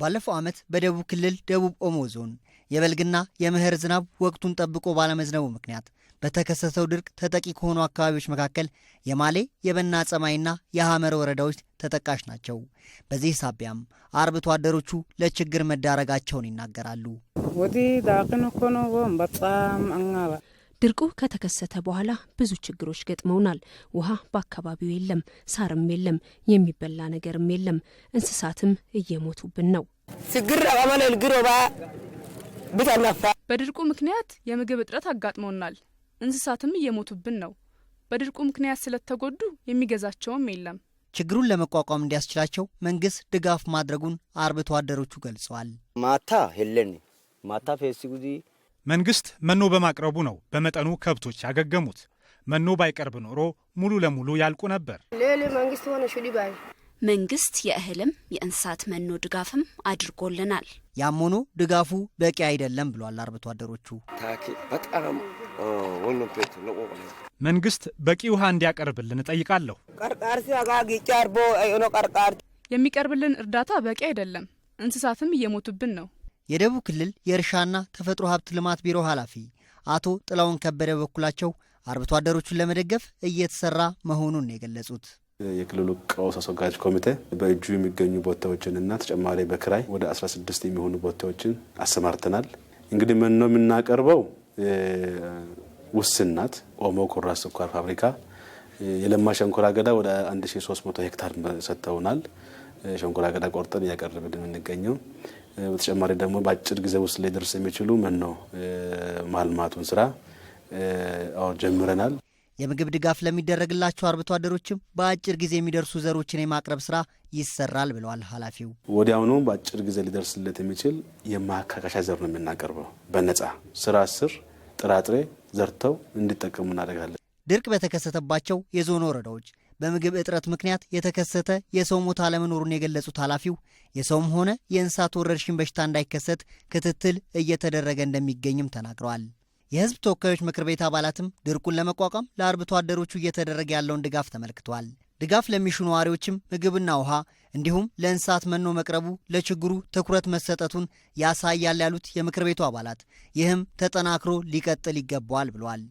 ባለፈው ዓመት በደቡብ ክልል ደቡብ ኦሞ ዞን የበልግና የምህር ዝናብ ወቅቱን ጠብቆ ባለመዝነቡ ምክንያት በተከሰተው ድርቅ ተጠቂ ከሆኑ አካባቢዎች መካከል የማሌ የበና ጸማይና የሐመር ወረዳዎች ተጠቃሽ ናቸው። በዚህ ሳቢያም አርብቶ አደሮቹ ለችግር መዳረጋቸውን ይናገራሉ። ድርቁ ከተከሰተ በኋላ ብዙ ችግሮች ገጥመውናል። ውሃ በአካባቢው የለም፣ ሳርም የለም፣ የሚበላ ነገርም የለም። እንስሳትም እየሞቱብን ነው። በድርቁ ምክንያት የምግብ እጥረት አጋጥመውናል። እንስሳትም እየሞቱብን ነው። በድርቁ ምክንያት ስለተጎዱ የሚገዛቸውም የለም። ችግሩን ለመቋቋም እንዲያስችላቸው መንግስት ድጋፍ ማድረጉን አርብቶ አደሮቹ ገልጸዋል። ማታ ሄለን ማታ ፌሲ መንግስት መኖ በማቅረቡ ነው በመጠኑ ከብቶች ያገገሙት። መኖ ባይቀርብ ኖሮ ሙሉ ለሙሉ ያልቁ ነበር። መንግስት የእህልም የእንስሳት መኖ ድጋፍም አድርጎልናል። ያም ሆኖ ድጋፉ በቂ አይደለም ብሏል አርብቶ አደሮቹ። በጣም መንግስት በቂ ውሃ እንዲያቀርብልን እጠይቃለሁ። የሚቀርብልን እርዳታ በቂ አይደለም። እንስሳትም እየሞቱብን ነው። የደቡብ ክልል የእርሻና ተፈጥሮ ሀብት ልማት ቢሮ ኃላፊ አቶ ጥላውን ከበደ በኩላቸው አርብቶ አደሮቹን ለመደገፍ እየተሰራ መሆኑን የገለጹት የክልሉ ቀውስ አስወጋጅ ኮሚቴ በእጁ የሚገኙ ቦታዎችንና ተጨማሪ በክራይ ወደ 16 የሚሆኑ ቦታዎችን አሰማርተናል። እንግዲህ ነው የምናቀርበው ውስናት ኦሞ ኩራ ስኳር ፋብሪካ የለማ ሸንኮራ አገዳ ወደ 1300 ሄክታር ሰጥተውናል። ሸንኮራ አገዳ ቆርጠን እያቀረብን የምንገኘው በተጨማሪ ደግሞ በአጭር ጊዜ ውስጥ ሊደርስ የሚችሉ መኖ ማልማቱን ስራ ጀምረናል። የምግብ ድጋፍ ለሚደረግላቸው አርብቶ አደሮችም በአጭር ጊዜ የሚደርሱ ዘሮችን የማቅረብ ስራ ይሰራል ብለዋል ኃላፊው። ወዲያውኑ በአጭር ጊዜ ሊደርስለት የሚችል የማካካሻ ዘር ነው የምናቀርበው በነጻ ስራ ስር ጥራጥሬ ዘርተው እንዲጠቀሙ እናደርጋለን። ድርቅ በተከሰተባቸው የዞኑ ወረዳዎች በምግብ እጥረት ምክንያት የተከሰተ የሰው ሞት አለመኖሩን የገለጹት ኃላፊው የሰውም ሆነ የእንስሳት ወረርሽኝ በሽታ እንዳይከሰት ክትትል እየተደረገ እንደሚገኝም ተናግረዋል። የህዝብ ተወካዮች ምክር ቤት አባላትም ድርቁን ለመቋቋም ለአርብቶ አደሮቹ እየተደረገ ያለውን ድጋፍ ተመልክቷል። ድጋፍ ለሚሹ ነዋሪዎችም ምግብና ውሃ እንዲሁም ለእንስሳት መኖ መቅረቡ ለችግሩ ትኩረት መሰጠቱን ያሳያል ያሉት የምክር ቤቱ አባላት ይህም ተጠናክሮ ሊቀጥል ይገባዋል ብለዋል።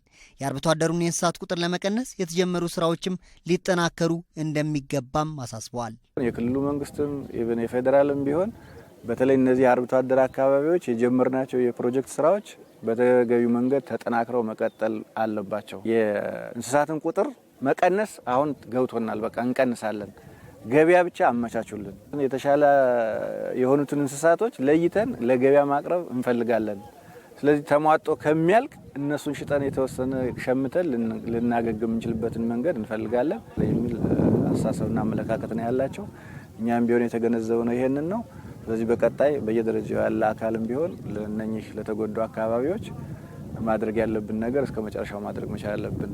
የአርብቶ አደሩን የእንስሳት ቁጥር ለመቀነስ የተጀመሩ ስራዎችም ሊጠናከሩ እንደሚገባም አሳስበዋል። የክልሉ መንግስትም ኢቨን የፌዴራልም ቢሆን በተለይ እነዚህ የአርብቶ አደር አካባቢዎች የጀመርናቸው የፕሮጀክት ስራዎች በተገቢው መንገድ ተጠናክረው መቀጠል አለባቸው። የእንስሳትን ቁጥር መቀነስ አሁን ገብቶናል። በቃ እንቀንሳለን። ገበያ ብቻ አመቻቹልን። የተሻለ የሆኑትን እንስሳቶች ለይተን ለገበያ ማቅረብ እንፈልጋለን። ስለዚህ ተሟጦ ከሚያልቅ እነሱን ሽጠን የተወሰነ ሸምተን ልናገግም የምንችልበትን መንገድ እንፈልጋለን የሚል አስተሳሰብና አመለካከት ነው ያላቸው። እኛም ቢሆን የተገነዘበ ነው ይሄንን ነው። ስለዚህ በቀጣይ በየደረጃው ያለ አካልም ቢሆን ለእነኚህ ለተጎዱ አካባቢዎች ማድረግ ያለብን ነገር እስከ መጨረሻው ማድረግ መቻል አለብን።